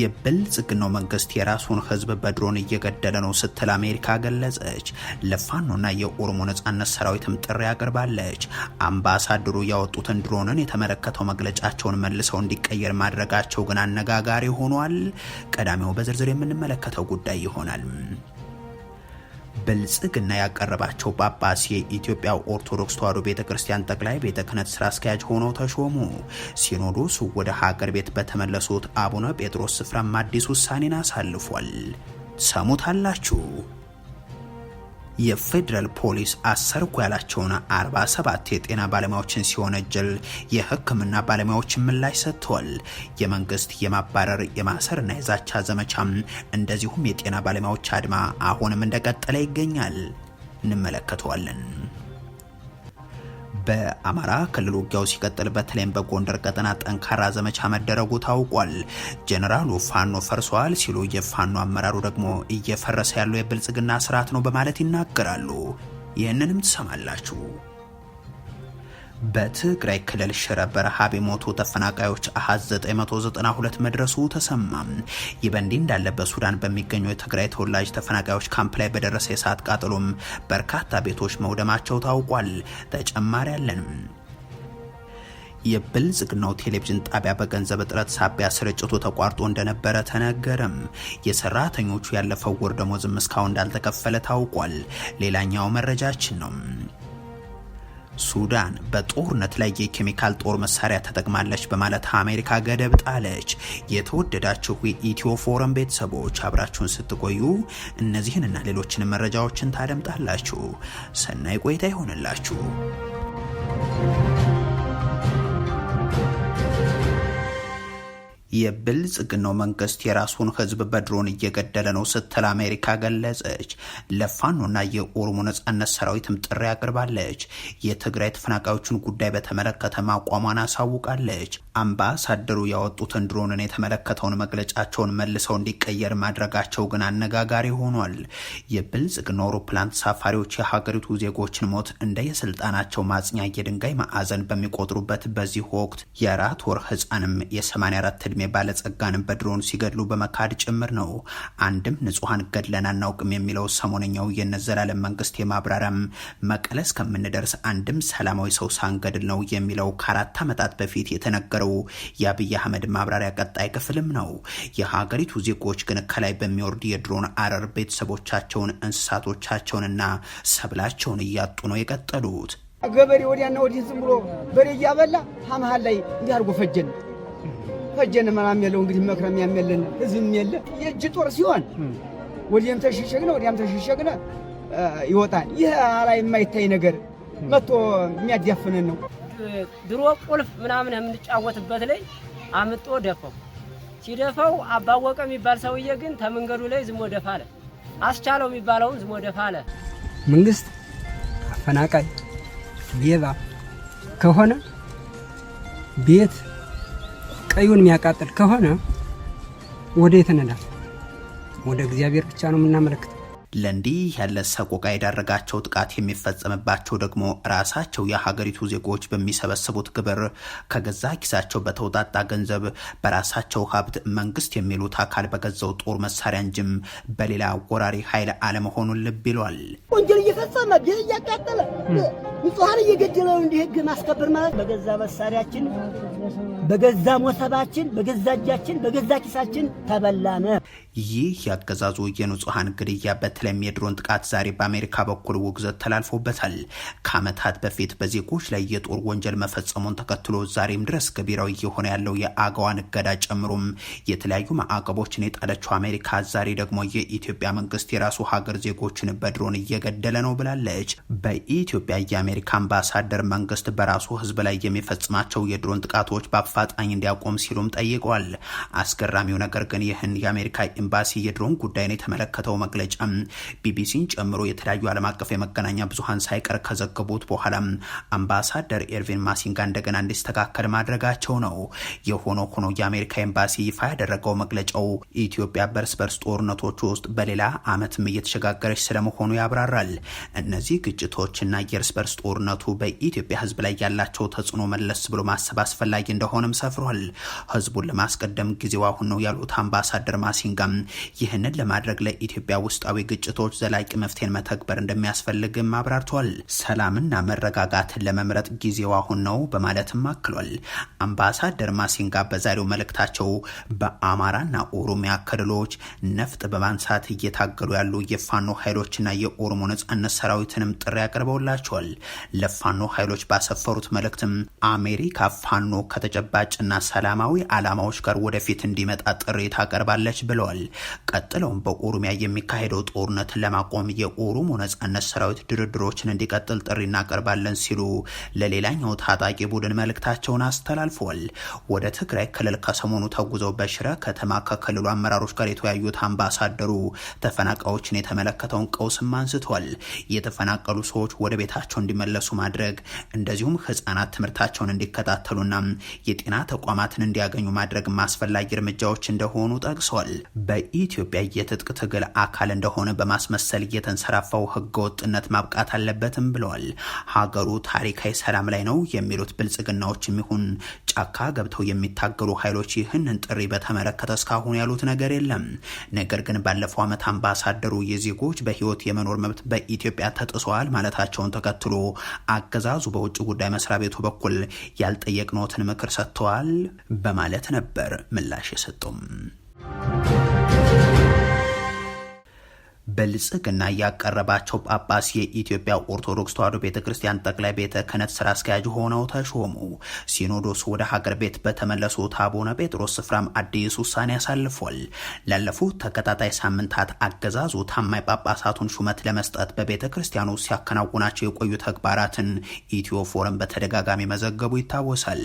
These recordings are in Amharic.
የብልጽግናው መንግስት የራሱን ህዝብ በድሮን እየገደለ ነው ስትል አሜሪካ ገለጸች። ለፋኖና የኦሮሞ ነጻነት ሰራዊትም ጥሪ አቅርባለች። አምባሳደሩ ያወጡትን ድሮንን የተመለከተው መግለጫቸውን መልሰው እንዲቀየር ማድረጋቸው ግን አነጋጋሪ ሆኗል። ቀዳሚው በዝርዝር የምንመለከተው ጉዳይ ይሆናል። ብልጽግና ያቀረባቸው ጳጳስ የኢትዮጵያ ኦርቶዶክስ ተዋሕዶ ቤተ ክርስቲያን ጠቅላይ ቤተ ክህነት ስራ አስኪያጅ ሆነው ተሾሙ። ሲኖዶሱ ወደ ሀገር ቤት በተመለሱት አቡነ ጴጥሮስ ስፍራም አዲስ ውሳኔን አሳልፏል። ሰሙታላችሁ። የፌዴራል ፖሊስ አሰርኩ ያላቸውን 47 የጤና ባለሙያዎችን ሲወነጀል የሕክምና ባለሙያዎችን ምላሽ ሰጥተዋል። የመንግስት የማባረር የማሰርና የዛቻ ዘመቻም እንደዚሁም የጤና ባለሙያዎች አድማ አሁንም እንደቀጠለ ይገኛል። እንመለከተዋለን። በአማራ ክልል ውጊያው ሲቀጥል በተለይም በጎንደር ቀጠና ጠንካራ ዘመቻ መደረጉ ታውቋል። ጀኔራሉ ፋኖ ፈርሰዋል ሲሉ የፋኖ አመራሩ ደግሞ እየፈረሰ ያለው የብልጽግና ስርዓት ነው በማለት ይናገራሉ። ይህንንም ትሰማላችሁ። በትግራይ ክልል ሽረ በረሃብ የሞቱ ተፈናቃዮች አሃዝ 992 መድረሱ ተሰማ። ይህ በእንዲህ እንዳለ በሱዳን በሚገኙ የትግራይ ተወላጅ ተፈናቃዮች ካምፕ ላይ በደረሰ የእሳት ቃጠሎም በርካታ ቤቶች መውደማቸው ታውቋል። ተጨማሪ አለን። የብልጽግናው ቴሌቪዥን ጣቢያ በገንዘብ እጥረት ሳቢያ ስርጭቱ ተቋርጦ እንደነበረ ተነገረም። የሰራተኞቹ ያለፈው ወር ደሞዝም እስካሁን እንዳልተከፈለ ታውቋል። ሌላኛው መረጃችን ነው። ሱዳን በጦርነት ላይ የኬሚካል ጦር መሳሪያ ተጠቅማለች በማለት አሜሪካ ገደብ ጣለች። የተወደዳችሁ የኢትዮ ፎረም ቤተሰቦች አብራችሁን ስትቆዩ እነዚህንና ሌሎችንም መረጃዎችን ታደምጣላችሁ። ሰናይ ቆይታ ይሆንላችሁ። የብልጽግናው መንግስት የራሱን ህዝብ በድሮን እየገደለ ነው ስትል አሜሪካ ገለጸች። ለፋኖና የኦሮሞ ነጻነት ሰራዊትም ጥሪ አቅርባለች። የትግራይ ተፈናቃዮችን ጉዳይ በተመለከተ ማቋሟን አሳውቃለች። አምባሳደሩ ያወጡትን ድሮንን የተመለከተውን መግለጫቸውን መልሰው እንዲቀየር ማድረጋቸው ግን አነጋጋሪ ሆኗል። የብልጽግና አውሮፕላን ተሳፋሪዎች የሀገሪቱ ዜጎችን ሞት እንደ የስልጣናቸው ማጽኛ የድንጋይ ማዕዘን በሚቆጥሩበት በዚህ ወቅት የአራት ወር ህፃንም የ84 ዕድሜ ባለጸጋን በድሮን ሲገድሉ በመካድ ጭምር ነው። አንድም ንጹሐን ገድለን አናውቅም የሚለው ሰሞነኛው የነዘላለም መንግስት የማብራሪያም መቀለ እስከምንደርስ አንድም ሰላማዊ ሰው ሳንገድል ነው የሚለው ከአራት ዓመታት በፊት የተነገረው የአብይ አህመድ ማብራሪያ ቀጣይ ክፍልም ነው። የሀገሪቱ ዜጎች ግን ከላይ በሚወርድ የድሮን አረር ቤተሰቦቻቸውን፣ እንስሳቶቻቸውንና ሰብላቸውን እያጡ ነው የቀጠሉት። ገበሬ ወዲያና ወዲህ ዝም ብሎ በሬ እያበላ ሀመሀል ላይ እንዲህ አድርጎ ፈጀን። ፈጀን መናም የለው እንግዲህ መክረም ያመለን ህዝብም የለ የእጅ ጦር ሲሆን ወዲያም ተሸሸግነ ወዲያም ተሸሸግነ ይወጣል። ይህ አላይ የማይታይ ነገር መጥቶ የሚያዳፍነን ነው። ድሮ ቁልፍ ምናምን የምንጫወትበት ላይ አምጦ ደፈው ሲደፋው አባወቀ የሚባል ሰውዬ ግን ተመንገዱ ላይ ዝሞ ደፋ አለ። አስቻለው የሚባለውን ዝሞ ደፋ አለ። መንግስት አፈናቃይ ሌባ ከሆነ ቤት ቀዩን የሚያቃጥል ከሆነ ወደ የት እንሄዳለን? ወደ እግዚአብሔር ብቻ ነው የምናመለክተው። ለእንዲህ ያለ ሰቆቃ የዳረጋቸው ጥቃት የሚፈጸምባቸው ደግሞ ራሳቸው የሀገሪቱ ዜጎች በሚሰበስቡት ግብር ከገዛ ኪሳቸው በተውጣጣ ገንዘብ በራሳቸው ሀብት መንግስት የሚሉት አካል በገዛው ጦር መሳሪያ እንጂም በሌላ ወራሪ ኃይል አለመሆኑን ልብ ይሏል። ወንጀል እየፈጸመ ቤት እያቃጠለ ንጹሐን እየገደለ ነው። እንዲህ ህግ ማስከበር ማለት በገዛ መሳሪያችን፣ በገዛ ሞሰባችን፣ በገዛ እጃችን፣ በገዛ ኪሳችን ተበላነ። ይህ ያገዛዙ የንጹሐን ግድያ በተለይም የድሮን ጥቃት ዛሬ በአሜሪካ በኩል ውግዘት ተላልፎበታል። ከዓመታት በፊት በዜጎች ላይ የጦር ወንጀል መፈጸሙን ተከትሎ ዛሬም ድረስ ገቢራዊ የሆነ ያለው የአገዋን እገዳ ጨምሮም የተለያዩ ማዕቀቦችን የጣለችው አሜሪካ ዛሬ ደግሞ የኢትዮጵያ መንግስት የራሱ ሀገር ዜጎችን በድሮን እየገደለ ነው ብላለች። በኢትዮጵያ የአሜሪካ አምባሳደር መንግስት በራሱ ህዝብ ላይ የሚፈጽማቸው የድሮን ጥቃቶች በአፋጣኝ እንዲያቆም ሲሉም ጠይቀዋል። አስገራሚው ነገር ግን ይህን የአሜሪካ ኤምባሲ የድሮን ጉዳይን የተመለከተው መግለጫ ቢቢሲን ጨምሮ የተለያዩ ዓለም አቀፍ የመገናኛ ብዙሀን ሳይቀር ከዘገቡት በኋላ አምባሳደር ኤርቪን ማሲንጋ እንደገና እንዲስተካከል ማድረጋቸው ነው። የሆነ ሆኖ የአሜሪካ ኤምባሲ ይፋ ያደረገው መግለጫው ኢትዮጵያ በርስ በርስ ጦርነቶች ውስጥ በሌላ አመትም እየተሸጋገረች ስለመሆኑ ያብራራል። እነዚህ ግጭቶችና የእርስ በርስ ጦርነቱ በኢትዮጵያ ህዝብ ላይ ያላቸው ተጽዕኖ መለስ ብሎ ማሰብ አስፈላጊ እንደሆነም ሰፍሯል። ህዝቡን ለማስቀደም ጊዜው አሁን ነው ያሉት አምባሳደር ማሲንጋም ይህንን ለማድረግ ለኢትዮጵያ ውስጣዊ ግጭቶች ዘላቂ መፍትሄን መተግበር እንደሚያስፈልግም አብራርቷል። ሰላምና መረጋጋትን ለመምረጥ ጊዜው አሁን ነው በማለትም አክሏል። አምባሳደር ማሲንጋ በዛሬው መልእክታቸው በአማራና ኦሮሚያ ክልሎች ነፍጥ በማንሳት እየታገሉ ያሉ የፋኖ ኃይሎችና የኦሮሞ ነጻነት ሰራዊትንም ጥሪ ያቀርበውላቸዋል። ለፋኖ ኃይሎች ባሰፈሩት መልእክትም አሜሪካ ፋኖ ከተጨባጭና ሰላማዊ ዓላማዎች ጋር ወደፊት እንዲመጣ ጥሪ ታቀርባለች ብለዋል። ቀጥለውም በኦሮሚያ የሚካሄደው ጦርነት ለማቆም የኦሮሞ ነጻነት ሰራዊት ድርድሮችን እንዲቀጥል ጥሪ እናቀርባለን ሲሉ ለሌላኛው ታጣቂ ቡድን መልእክታቸውን አስተላልፏል። ወደ ትግራይ ክልል ከሰሞኑ ተጉዘው በሽረ ከተማ ከክልሉ አመራሮች ጋር የተወያዩት አምባሳደሩ ተፈናቃዮችን የተመለከተውን ቀውስም አንስቷል። የተፈናቀሉ ሰዎች ወደ ቤታቸው እንዲመለሱ ማድረግ እንደዚሁም ህጻናት ትምህርታቸውን እንዲከታተሉና የጤና ተቋማትን እንዲያገኙ ማድረግ አስፈላጊ እርምጃዎች እንደሆኑ ጠቅሷል። በኢትዮጵያ የትጥቅ ትግል አካል እንደሆነ በማስመሰል እየተንሰራፋው ህገወጥነት ማብቃት አለበትም ብለዋል። ሀገሩ ታሪካዊ ሰላም ላይ ነው የሚሉት ብልጽግናዎች የሚሆን ጫካ ገብተው የሚታገሉ ኃይሎች ይህንን ጥሪ በተመለከተ እስካሁን ያሉት ነገር የለም። ነገር ግን ባለፈው ዓመት አምባሳደሩ የዜጎች በህይወት የመኖር መብት በኢትዮጵያ ተጥሰዋል ማለታቸውን ተከትሎ አገዛዙ በውጭ ጉዳይ መስሪያ ቤቱ በኩል ያልጠየቅነውትን ምክር ሰጥተዋል በማለት ነበር ምላሽ የሰጡም። Thank you. ብልጽግና ያቀረባቸው ጳጳስ የኢትዮጵያ ኦርቶዶክስ ተዋሕዶ ቤተ ክርስቲያን ጠቅላይ ቤተ ክህነት ስራ አስኪያጅ ሆነው ተሾሙ። ሲኖዶስ ወደ ሀገር ቤት በተመለሱት አቡነ ጴጥሮስ ስፍራም አዲስ ውሳኔ አሳልፏል። ላለፉት ተከታታይ ሳምንታት አገዛዙ ታማኝ ጳጳሳቱን ሹመት ለመስጠት በቤተ ክርስቲያኑ ሲያከናውናቸው የቆዩ ተግባራትን ኢትዮ ፎረም በተደጋጋሚ መዘገቡ ይታወሳል።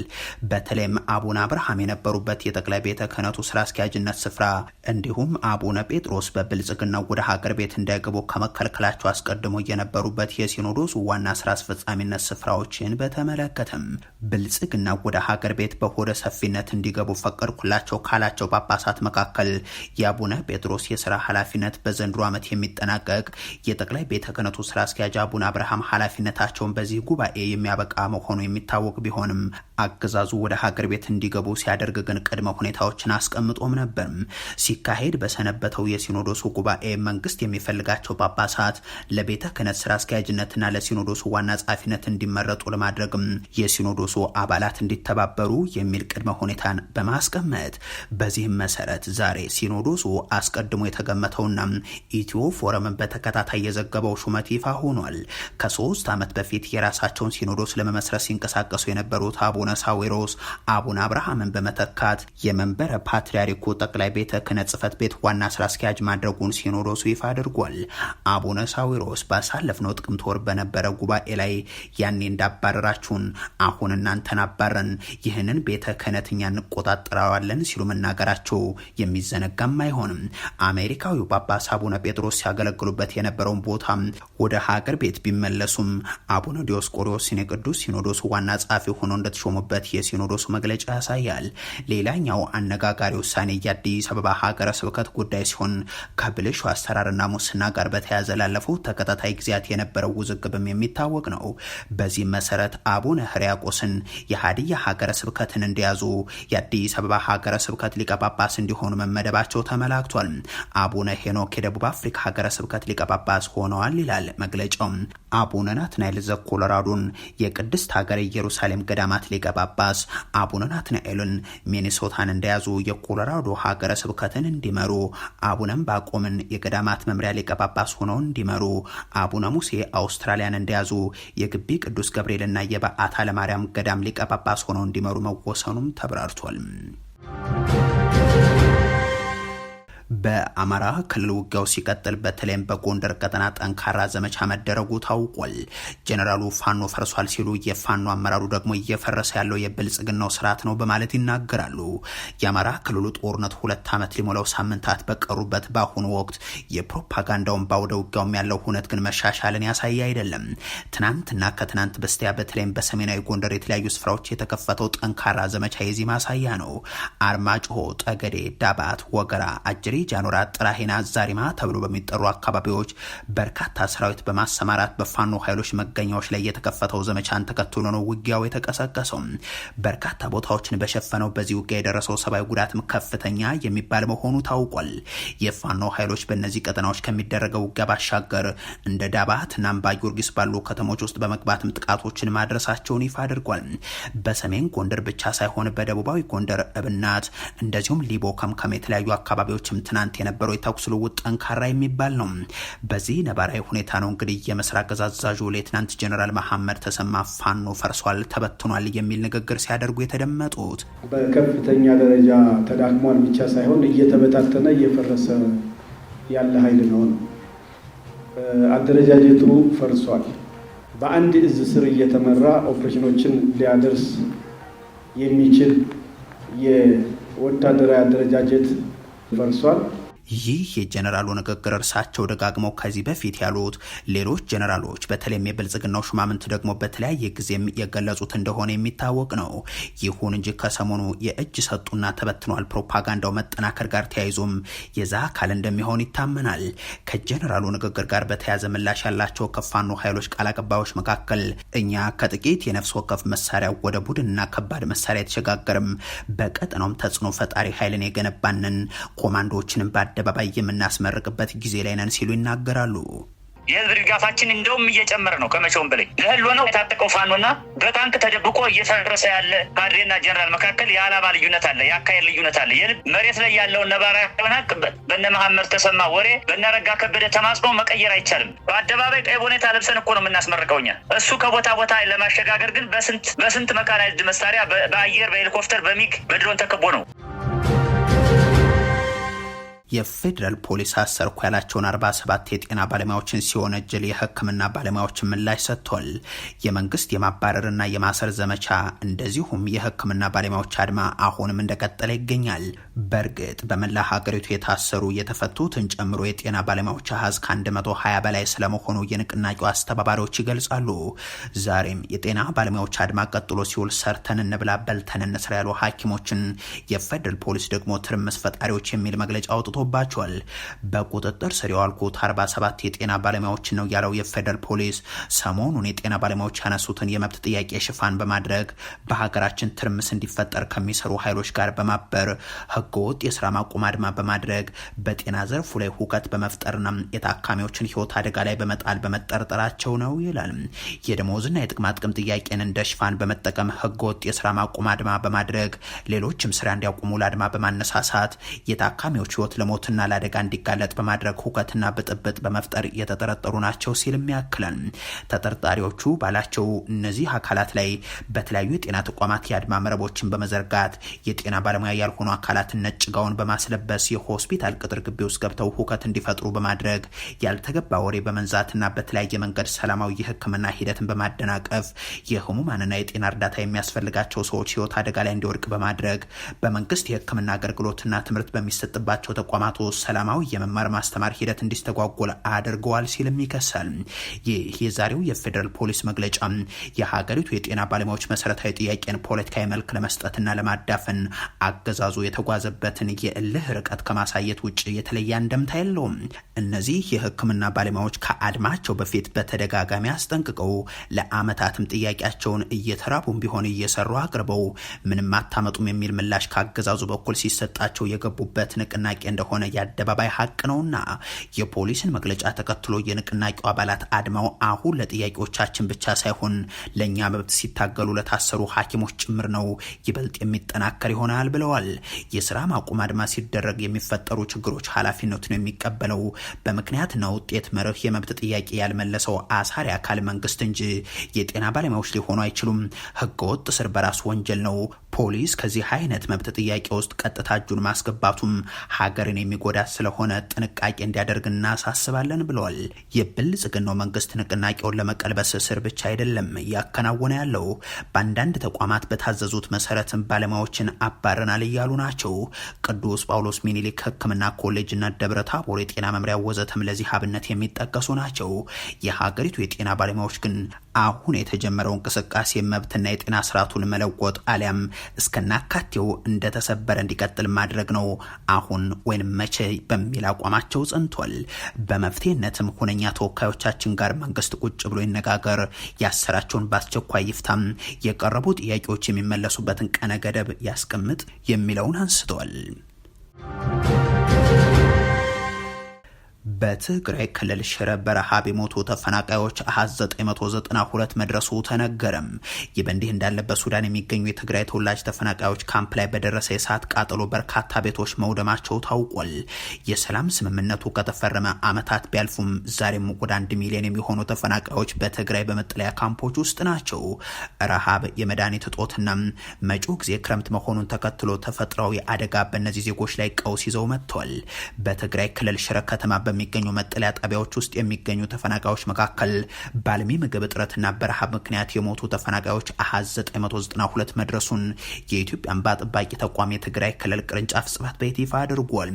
በተለይም አቡነ አብርሃም የነበሩበት የጠቅላይ ቤተ ክህነቱ ስራ አስኪያጅነት ስፍራ እንዲሁም አቡነ ጴጥሮስ በብልጽግና ወደ ሀገር ምክር ቤት እንዳይገቡ ከመከልከላቸው አስቀድሞ የነበሩበት የሲኖዶሱ ዋና ስራ አስፈጻሚነት ስፍራዎችን በተመለከተም ብልጽግና ወደ ሀገር ቤት በሆደ ሰፊነት እንዲገቡ ፈቀድኩላቸው ካላቸው ጳጳሳት መካከል የአቡነ ጴጥሮስ የስራ ኃላፊነት በዘንድሮ ዓመት የሚጠናቀቅ የጠቅላይ ቤተ ክህነቱ ስራ አስኪያጅ አቡነ አብርሃም ኃላፊነታቸውን በዚህ ጉባኤ የሚያበቃ መሆኑ የሚታወቅ ቢሆንም አገዛዙ ወደ ሀገር ቤት እንዲገቡ ሲያደርግ ግን ቅድመ ሁኔታዎችን አስቀምጦም ነበርም። ሲካሄድ በሰነበተው የሲኖዶሱ ጉባኤ መንግስት የሚፈልጋቸው ጳጳሳት ለቤተ ክህነት ስራ አስኪያጅነትና ለሲኖዶሱ ዋና ጸሐፊነት እንዲመረጡ ለማድረግም የሲኖዶሱ አባላት እንዲተባበሩ የሚል ቅድመ ሁኔታን በማስቀመጥ በዚህም መሰረት ዛሬ ሲኖዶሱ አስቀድሞ የተገመተውና ኢትዮ ፎረምን በተከታታይ የዘገበው ሹመት ይፋ ሆኗል። ከሶስት ዓመት በፊት የራሳቸውን ሲኖዶስ ለመመስረት ሲንቀሳቀሱ የነበሩት አቡነ ሳዊሮስ አቡነ አብርሃምን በመተካት የመንበረ ፓትርያርኩ ጠቅላይ ቤተ ክህነት ጽሕፈት ቤት ዋና ስራ አስኪያጅ ማድረጉን ሲኖዶሱ ይፋ አድርጓል። አቡነ ሳዊሮስ ባሳለፍነው ጥቅምት ወር በነበረ ጉባኤ ላይ ያኔ እንዳባረራችሁን አሁን እናንተን አባረን፣ ይህንን ቤተ ክህነትኛ እንቆጣጠረዋለን ሲሉ መናገራቸው የሚዘነጋም አይሆንም። አሜሪካዊው ጳጳስ አቡነ ጴጥሮስ ሲያገለግሉበት የነበረውን ቦታ ወደ ሀገር ቤት ቢመለሱም አቡነ ሲኔ ቅዱስ ሲኖዶሱ ዋና ጸሐፊ ሆኖ እንደተሾሙበት የሲኖዶሱ መግለጫ ያሳያል። ሌላኛው አነጋጋሪ ውሳኔ የአዲስ አበባ ሀገረ ስብከት ጉዳይ ሲሆን ከብልሹ አሰራርና ከሙስናና ሙስና ጋር በተያያዘ ላለፉት ተከታታይ ጊዜያት የነበረው ውዝግብም የሚታወቅ ነው። በዚህ መሰረት አቡነ ህርያቆስን የሀዲያ ሀገረ ስብከትን እንዲያዙ የአዲስ አበባ ሀገረ ስብከት ሊቀ ጳጳስ እንዲሆኑ መመደባቸው ተመላክቷል። አቡነ ሄኖክ የደቡብ አፍሪካ ሀገረ ስብከት ሊቀጳጳስ ሆነዋል ይላል መግለጫው። አቡነ ናትናኤል ዘኮሎራዶን የቅድስት ሀገረ ኢየሩሳሌም ገዳማት ሊቀጳጳስ፣ ጳጳስ፣ አቡነ ናትናኤልን ሚኒሶታን እንደያዙ የኮሎራዶ ሀገረ ስብከትን እንዲመሩ፣ አቡነም ባቆምን የገዳማት የካህናት መምሪያ ሊቀ ጳጳስ ሆነው እንዲመሩ አቡነ ሙሴ አውስትራሊያን እንደያዙ የግቢ ቅዱስ ገብርኤልና የበዓታ ለማርያም ገዳም ሊቀ ጳጳስ ሆነው እንዲመሩ መወሰኑም ተብራርቷል። በአማራ ክልል ውጊያው ሲቀጥል በተለይም በጎንደር ቀጠና ጠንካራ ዘመቻ መደረጉ ታውቋል። ጀኔራሉ ፋኖ ፈርሷል ሲሉ የፋኖ አመራሩ ደግሞ እየፈረሰ ያለው የብልጽግናው ስርዓት ነው በማለት ይናገራሉ። የአማራ ክልሉ ጦርነት ሁለት ዓመት ሊሞላው ሳምንታት በቀሩበት በአሁኑ ወቅት የፕሮፓጋንዳውን ባወደ ውጊያውም ያለው ሁነት ግን መሻሻልን ያሳየ አይደለም። ትናንትና ከትናንት በስቲያ በተለይም በሰሜናዊ ጎንደር የተለያዩ ስፍራዎች የተከፈተው ጠንካራ ዘመቻ የዚህ ማሳያ ነው። አርማጭሆ፣ ጠገዴ፣ ዳባት፣ ወገራ፣ አጅሪ ጃኖራ ጥራሄና ዛሪማ ተብሎ በሚጠሩ አካባቢዎች በርካታ ሰራዊት በማሰማራት በፋኖ ኃይሎች መገኛዎች ላይ የተከፈተው ዘመቻን ተከትሎ ነው ውጊያው የተቀሰቀሰው። በርካታ ቦታዎችን በሸፈነው በዚህ ውጊያ የደረሰው ሰብአዊ ጉዳትም ከፍተኛ የሚባል መሆኑ ታውቋል። የፋኖ ኃይሎች በእነዚህ ቀጠናዎች ከሚደረገው ውጊያ ባሻገር እንደ ዳባት እና አምባ ጊዮርጊስ ባሉ ከተሞች ውስጥ በመግባትም ጥቃቶችን ማድረሳቸውን ይፋ አድርጓል። በሰሜን ጎንደር ብቻ ሳይሆን በደቡባዊ ጎንደር እብናት እንደዚሁም ሊቦ ከምከም የተለያዩ አካባቢዎችም ትናንት የነበረው የተኩስ ልውውጥ ጠንካራ የሚባል ነው። በዚህ ነባራዊ ሁኔታ ነው እንግዲህ የምስራቅ እዝ አዛዡ ሌትናንት ጀኔራል መሐመድ ተሰማ ፋኖ ፈርሷል፣ ተበትኗል የሚል ንግግር ሲያደርጉ የተደመጡት በከፍተኛ ደረጃ ተዳክሟል ብቻ ሳይሆን እየተበታተነ እየፈረሰ ያለ ኃይል ነው ነው አደረጃጀቱ ፈርሷል። በአንድ እዝ ስር እየተመራ ኦፕሬሽኖችን ሊያደርስ የሚችል የወታደራዊ አደረጃጀት Agora sobe. ይህ የጀነራሉ ንግግር እርሳቸው ደጋግመው ከዚህ በፊት ያሉት ሌሎች ጀነራሎች በተለይም የብልጽግናው ሹማምንት ደግሞ በተለያየ ጊዜም የገለጹት እንደሆነ የሚታወቅ ነው። ይሁን እንጂ ከሰሞኑ የእጅ ሰጡና ተበትኗል ፕሮፓጋንዳው መጠናከር ጋር ተያይዞም የዛ አካል እንደሚሆን ይታመናል። ከጀነራሉ ንግግር ጋር በተያያዘ ምላሽ ያላቸው ከፋኖ ኃይሎች ቃል አቀባዮች መካከል እኛ ከጥቂት የነፍስ ወከፍ መሳሪያ ወደ ቡድንና ከባድ መሳሪያ የተሸጋገርም በቀጠናውም ተጽዕኖ ፈጣሪ ኃይልን የገነባንን ኮማንዶዎችንም ባደ በአደባባይ የምናስመርቅበት ጊዜ ላይ ነን ሲሉ ይናገራሉ። የህዝብ ድጋፋችን እንደውም እየጨመረ ነው ከመቼውም በላይ ለህል ሆነው የታጠቀው ፋኖና በታንክ ተደብቆ እየፈረሰ ያለ ካድሬና ጀነራል መካከል የዓላማ ልዩነት አለ፣ የአካሄድ ልዩነት አለ። የልብ መሬት ላይ ያለውን ነባራ ሀቅ በነ መሐመድ ተሰማ ወሬ በነረጋ ከበደ ተማጽኖ መቀየር አይቻልም። በአደባባይ ቀይ ቦኔታ ለብሰን እኮ ነው የምናስመርቀው እኛ። እሱ ከቦታ ቦታ ለማሸጋገር ግን በስንት በስንት መካናይዝድ መሳሪያ በአየር በሄሊኮፍተር በሚግ በድሮን ተከቦ ነው። የፌዴራል ፖሊስ አሰርኩ ያላቸውን 47 የጤና ባለሙያዎችን ሲወነጀል የሕክምና ባለሙያዎችን ምላሽ ሰጥቷል። የመንግስት የማባረርና የማሰር ዘመቻ እንደዚሁም የሕክምና ባለሙያዎች አድማ አሁንም እንደቀጠለ ይገኛል። በእርግጥ በመላ ሀገሪቱ የታሰሩ የተፈቱትን ጨምሮ የጤና ባለሙያዎች አሀዝ ከ120 በላይ ስለመሆኑ የንቅናቄው አስተባባሪዎች ይገልጻሉ። ዛሬም የጤና ባለሙያዎች አድማ ቀጥሎ ሲውል ሰርተን እንብላ በልተን እንስራ ያሉ ሐኪሞችን የፌዴራል ፖሊስ ደግሞ ትርምስ ፈጣሪዎች የሚል መግለጫ አውጥቶ ተሰጥቶባቸዋል። በቁጥጥር ስር የዋልኩት 47 የጤና ባለሙያዎችን ነው ያለው የፌደራል ፖሊስ ሰሞኑን የጤና ባለሙያዎች ያነሱትን የመብት ጥያቄ ሽፋን በማድረግ በሀገራችን ትርምስ እንዲፈጠር ከሚሰሩ ኃይሎች ጋር በማበር ህገወጥ የስራ ማቆም አድማ በማድረግ በጤና ዘርፉ ላይ ሁከት በመፍጠርና የታካሚዎችን ህይወት አደጋ ላይ በመጣል በመጠርጠራቸው ነው ይላል። የደሞዝና የጥቅማጥቅም ጥያቄን እንደ ሽፋን በመጠቀም ህገወጥ የስራ ማቆም አድማ በማድረግ ሌሎችም ስራ እንዲያቆሙ ለአድማ በማነሳሳት የታካሚዎች ህይወት ለሞ ለሞትና ለአደጋ እንዲጋለጥ በማድረግ ሁከትና ብጥብጥ በመፍጠር የተጠረጠሩ ናቸው ሲልም ያክላል። ተጠርጣሪዎቹ ባላቸው እነዚህ አካላት ላይ በተለያዩ የጤና ተቋማት የአድማ መረቦችን በመዘርጋት የጤና ባለሙያ ያልሆኑ አካላትን ነጭ ጋውን በማስለበስ የሆስፒታል ቅጥር ግቢ ውስጥ ገብተው ሁከት እንዲፈጥሩ በማድረግ ያልተገባ ወሬ በመንዛትና በተለያየ መንገድ ሰላማዊ የሕክምና ሂደትን በማደናቀፍ የህሙማንና የጤና እርዳታ የሚያስፈልጋቸው ሰዎች ህይወት አደጋ ላይ እንዲወድቅ በማድረግ በመንግስት የሕክምና አገልግሎትና ትምህርት በሚሰጥባቸው ተቋማት ተቋማቱ ሰላማዊ የመማር ማስተማር ሂደት እንዲስተጓጎል አድርገዋል ሲልም ይከሳል። ይህ የዛሬው የፌዴራል ፖሊስ መግለጫ የሀገሪቱ የጤና ባለሙያዎች መሰረታዊ ጥያቄን ፖለቲካዊ መልክ ለመስጠትና ለማዳፈን አገዛዙ የተጓዘበትን የእልህ ርቀት ከማሳየት ውጭ የተለየ አንደምታ የለውም። እነዚህ የሕክምና ባለሙያዎች ከአድማቸው በፊት በተደጋጋሚ አስጠንቅቀው ለአመታትም ጥያቄያቸውን እየተራቡም ቢሆን እየሰሩ አቅርበው ምንም አታመጡም የሚል ምላሽ ከአገዛዙ በኩል ሲሰጣቸው የገቡበት ንቅናቄ እንደሆነ የአደባባይ ሀቅ ነውና የፖሊስን መግለጫ ተከትሎ የንቅናቄው አባላት አድማው አሁን ለጥያቄዎቻችን ብቻ ሳይሆን ለእኛ መብት ሲታገሉ ለታሰሩ ሐኪሞች ጭምር ነው ይበልጥ የሚጠናከር ይሆናል ብለዋል። የስራ ማቆም አድማ ሲደረግ የሚፈጠሩ ችግሮች ነው የሚቀበለው በምክንያት ነው ውጤት መርህ የመብት ጥያቄ ያልመለሰው አሳሪ አካል መንግስት እንጂ የጤና ባለሙያዎች ሊሆኑ አይችሉም። ህገወጥ እስር በራሱ ወንጀል ነው። ፖሊስ ከዚህ አይነት መብት ጥያቄ ውስጥ ቀጥታ እጁን ማስገባቱም ሀገርን የሚጎዳ ስለሆነ ጥንቃቄ እንዲያደርግ እናሳስባለን ብለዋል። የብልጽግናው መንግስት ንቅናቄውን ለመቀልበስ እስር ብቻ አይደለም እያከናወነ ያለው። በአንዳንድ ተቋማት በታዘዙት መሰረትም ባለሙያዎችን አባረናል እያሉ ናቸው። ቅዱስ ጳውሎስ ሚኒሊክ ሕክምና ኮሌጅና ደብረ ታቦር የጤና መምሪያ ወዘተም ለዚህ አብነት የሚጠቀሱ ናቸው። የሀገሪቱ የጤና ባለሙያዎች ግን አሁን የተጀመረው እንቅስቃሴ መብትና የጤና ስርዓቱን መለወጥ አሊያም እስከናካቴው እንደተሰበረ እንዲቀጥል ማድረግ ነው። አሁን ወይም መቼ በሚል አቋማቸው ጸንቷል። በመፍትሄነትም ሁነኛ ተወካዮቻችን ጋር መንግስት ቁጭ ብሎ ይነጋገር፣ ያሰራቸውን በአስቸኳይ ይፍታም፣ የቀረቡ ጥያቄዎች የሚመለሱበትን ቀነ ገደብ ያስቀምጥ የሚለውን አንስተዋል። በትግራይ ክልል ሽረ በረሃብ የሞቱ ተፈናቃዮች አሃዝ 992 መድረሱ ተነገረም። ይህ በእንዲህ እንዳለ በሱዳን የሚገኙ የትግራይ ተወላጅ ተፈናቃዮች ካምፕ ላይ በደረሰ የእሳት ቃጠሎ በርካታ ቤቶች መውደማቸው ታውቋል። የሰላም ስምምነቱ ከተፈረመ ዓመታት ቢያልፉም ዛሬም ወደ አንድ ሚሊዮን የሚሆኑ ተፈናቃዮች በትግራይ በመጠለያ ካምፖች ውስጥ ናቸው። ረሃብ፣ የመድኃኒት እጦትና መጪው ጊዜ ክረምት መሆኑን ተከትሎ ተፈጥሯዊ አደጋ በእነዚህ ዜጎች ላይ ቀውስ ይዘው መጥቷል። በትግራይ ክልል ሽረ ከተማ በሚ በሚገኙ መጠለያ ጣቢያዎች ውስጥ የሚገኙ ተፈናቃዮች መካከል በአልሚ ምግብ እጥረትና በረሃብ ምክንያት የሞቱ ተፈናቃዮች አሃዝ 992 መድረሱን የኢትዮጵያ እንባ ጠባቂ ተቋም የትግራይ ክልል ቅርንጫፍ ጽሕፈት ቤት ይፋ አድርጓል።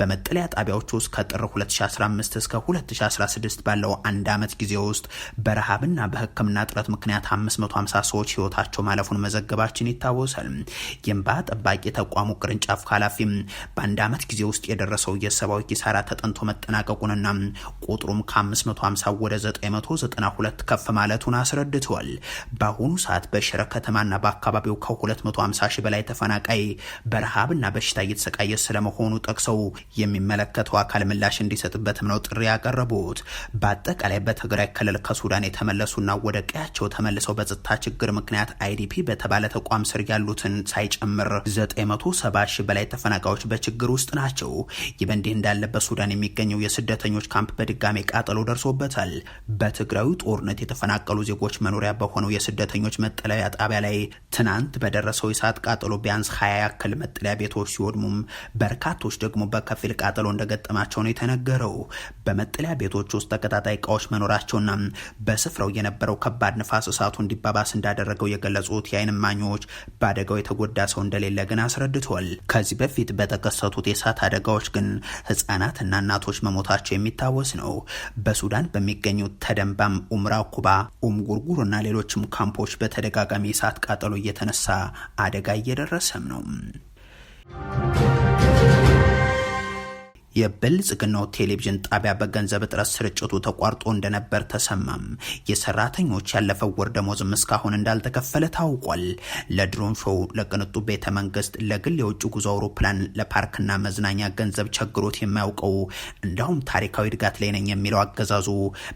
በመጠለያ ጣቢያዎች ውስጥ ከጥር 2015 እስከ 2016 ባለው አንድ ዓመት ጊዜ ውስጥ በረሃብና በሕክምና እጥረት ምክንያት 550 ሰዎች ህይወታቸው ማለፉን መዘገባችን ይታወሳል። የእንባ ጠባቂ ተቋሙ ቅርንጫፍ ኃላፊም በአንድ ዓመት ጊዜ ውስጥ የደረሰው የሰብአዊ ኪሳራ ተጠንቶ መጠ መጠናቀቁንና ቁጥሩም ከ550 ወደ 992 ከፍ ማለቱን አስረድተዋል። በአሁኑ ሰዓት በሽረ ከተማና በአካባቢው ከ250 ሺህ በላይ ተፈናቃይ በረሃብና በሽታ እየተሰቃየ ስለመሆኑ ጠቅሰው የሚመለከተው አካል ምላሽ እንዲሰጥበትም ነው ጥሪ ያቀረቡት። በአጠቃላይ በትግራይ ክልል ከሱዳን የተመለሱና ወደ ቀያቸው ተመልሰው በጸጥታ ችግር ምክንያት አይዲፒ በተባለ ተቋም ስር ያሉትን ሳይጨምር 970 ሺህ በላይ ተፈናቃዮች በችግር ውስጥ ናቸው። ይህ በእንዲህ እንዳለ በሱዳን የሚገኘው የስደተኞች ካምፕ በድጋሜ ቃጠሎ ደርሶበታል። በትግራዩ ጦርነት የተፈናቀሉ ዜጎች መኖሪያ በሆነው የስደተኞች መጠለያ ጣቢያ ላይ ትናንት በደረሰው የእሳት ቃጠሎ ቢያንስ ሀያ ያክል መጠለያ ቤቶች ሲወድሙም በርካቶች ደግሞ በከፊል ቃጠሎ እንደገጠማቸው ነው የተነገረው። በመጠለያ ቤቶች ውስጥ ተቀጣጣይ እቃዎች መኖራቸውና በስፍራው የነበረው ከባድ ንፋስ እሳቱ እንዲባባስ እንዳደረገው የገለጹት የአይን እማኞች በአደጋው የተጎዳ ሰው እንደሌለ ግን አስረድተዋል። ከዚህ በፊት በተከሰቱት የእሳት አደጋዎች ግን ህጻናትና እናቶች መሞታቸው የሚታወስ ነው። በሱዳን በሚገኙ ተደንባም፣ ኡምራ ኩባ፣ ኡምጉርጉር እና ሌሎችም ካምፖች በተደጋጋሚ እሳት ቃጠሎ እየተነሳ አደጋ እየደረሰም ነው። የብልጽግናው ቴሌቪዥን ጣቢያ በገንዘብ እጥረት ስርጭቱ ተቋርጦ እንደነበር ተሰማም። የሰራተኞች ያለፈው ወር ደሞዝም እስካሁን እንዳልተከፈለ ታውቋል። ለድሮን ሾው፣ ለቅንጡ ቤተ መንግስት፣ ለግል የውጭ ጉዞ አውሮፕላን፣ ለፓርክና መዝናኛ ገንዘብ ቸግሮት የማያውቀው እንዳውም ታሪካዊ እድጋት ላይ ነኝ የሚለው አገዛዙ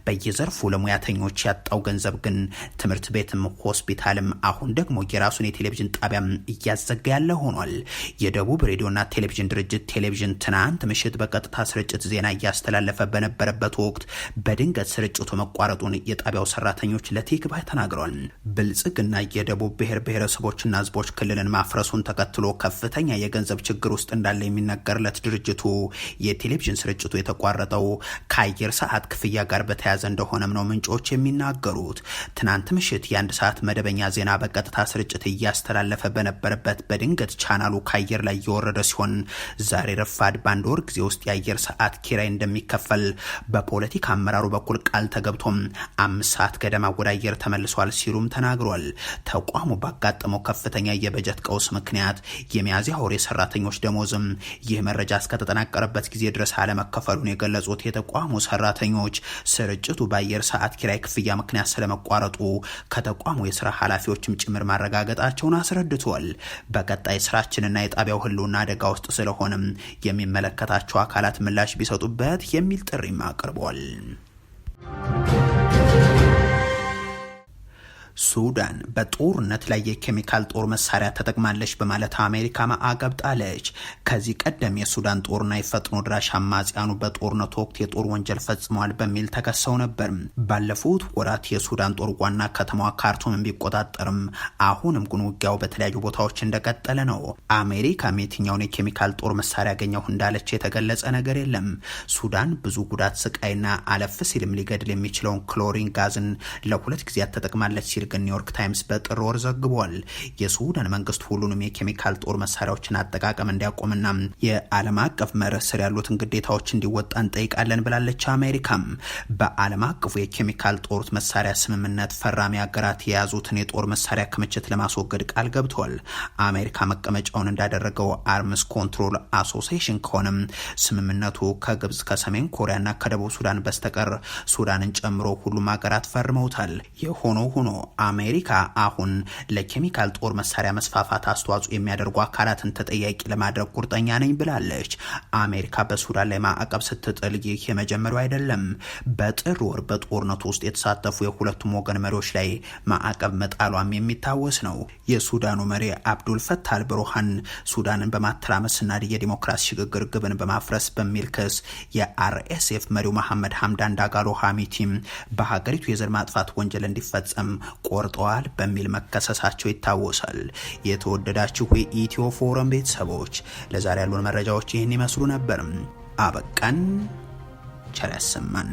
በየዘርፉ ለሙያተኞች ያጣው ገንዘብ ግን ትምህርት ቤትም ሆስፒታልም አሁን ደግሞ የራሱን የቴሌቪዥን ጣቢያም እያዘጋ ያለ ሆኗል። የደቡብ ሬዲዮና ቴሌቪዥን ድርጅት ቴሌቪዥን ትናንት ምሽት በቀጥታ ስርጭት ዜና እያስተላለፈ በነበረበት ወቅት በድንገት ስርጭቱ መቋረጡን የጣቢያው ሰራተኞች ለቴክባይ ተናግረዋል። ብልጽግና የደቡብ ብሔር ብሔረሰቦችና ህዝቦች ክልልን ማፍረሱን ተከትሎ ከፍተኛ የገንዘብ ችግር ውስጥ እንዳለ የሚነገርለት ድርጅቱ የቴሌቪዥን ስርጭቱ የተቋረጠው ከአየር ሰዓት ክፍያ ጋር በተያያዘ እንደሆነም ነው ምንጮች የሚናገሩት። ትናንት ምሽት የአንድ ሰዓት መደበኛ ዜና በቀጥታ ስርጭት እያስተላለፈ በነበረበት በድንገት ቻናሉ ከአየር ላይ እየወረደ ሲሆን ዛሬ ረፋድ በአንድ ወር ጊዜ ውስጥ ውስጥ የአየር ሰዓት ኪራይ እንደሚከፈል በፖለቲካ አመራሩ በኩል ቃል ተገብቶም አምስት ሰዓት ገደማ ወደ አየር ተመልሷል ሲሉም ተናግሯል። ተቋሙ ባጋጠመው ከፍተኛ የበጀት ቀውስ ምክንያት የሚያዝያ ወር የሰራተኞች ደሞዝም ይህ መረጃ እስከተጠናቀረበት ጊዜ ድረስ አለመከፈሉን የገለጹት የተቋሙ ሰራተኞች ስርጭቱ በአየር ሰዓት ኪራይ ክፍያ ምክንያት ስለመቋረጡ ከተቋሙ የስራ ኃላፊዎችም ጭምር ማረጋገጣቸውን አስረድቷል። በቀጣይ ስራችንና የጣቢያው ህልውና አደጋ ውስጥ ስለሆነም የሚመለከታቸው አካላት ምላሽ ቢሰጡበት የሚል ጥሪም አቅርቧል። ሱዳን በጦርነት ላይ የኬሚካል ጦር መሳሪያ ተጠቅማለች በማለት አሜሪካ ማዕቀብ ጣለች። ከዚህ ቀደም የሱዳን ጦርና የፈጥኖ ድራሽ አማጽያኑ በጦርነቱ ወቅት የጦር ወንጀል ፈጽመዋል በሚል ተከሰው ነበር። ባለፉት ወራት የሱዳን ጦር ዋና ከተማዋ ካርቱምን ቢቆጣጠርም አሁንም ግን ውጊያው በተለያዩ ቦታዎች እንደቀጠለ ነው። አሜሪካም የትኛውን የኬሚካል ጦር መሳሪያ ያገኘሁ እንዳለች የተገለጸ ነገር የለም። ሱዳን ብዙ ጉዳት፣ ስቃይና አለፍ ሲልም ሊገድል የሚችለውን ክሎሪን ጋዝን ለሁለት ጊዜያት ተጠቅማለች ሲል ግን ኒውዮርክ ታይምስ በጥር ወር ዘግቧል። የሱዳን መንግስት ሁሉንም የኬሚካል ጦር መሳሪያዎችን አጠቃቀም እንዲያቆምና የዓለም አቀፍ መርህ ስር ያሉትን ግዴታዎች እንዲወጣ እንጠይቃለን ብላለች። አሜሪካም በዓለም አቀፉ የኬሚካል ጦር መሳሪያ ስምምነት ፈራሚ ሀገራት የያዙትን የጦር መሳሪያ ክምችት ለማስወገድ ቃል ገብቷል። አሜሪካ መቀመጫውን እንዳደረገው አርምስ ኮንትሮል አሶሲሽን ከሆነም ስምምነቱ ከግብጽ ከሰሜን ኮሪያና ከደቡብ ሱዳን በስተቀር ሱዳንን ጨምሮ ሁሉም ሀገራት ፈርመውታል። የሆኖ ሆኖ አሜሪካ አሁን ለኬሚካል ጦር መሳሪያ መስፋፋት አስተዋጽኦ የሚያደርጉ አካላትን ተጠያቂ ለማድረግ ቁርጠኛ ነኝ ብላለች። አሜሪካ በሱዳን ላይ ማዕቀብ ስትጥል ይህ የመጀመሪያው አይደለም። በጥር ወር በጦርነቱ ውስጥ የተሳተፉ የሁለቱም ወገን መሪዎች ላይ ማዕቀብ መጣሏም የሚታወስ ነው። የሱዳኑ መሪ አብዱል ፈታህ አልብሩሃን ሱዳንን በማተራመስና የዲሞክራሲ ሽግግር ግብን በማፍረስ በሚል ክስ የአርኤስኤፍ መሪው መሐመድ ሀምዳን ዳጋሎ ሀሚቲም በሀገሪቱ የዘር ማጥፋት ወንጀል እንዲፈጸም ቆርጠዋል በሚል መከሰሳቸው ይታወሳል። የተወደዳችሁ የኢትዮ ፎረም ቤተሰቦች ለዛሬ ያሉን መረጃዎች ይህን ይመስሉ ነበር። አበቃን። ቸር ያሰማን።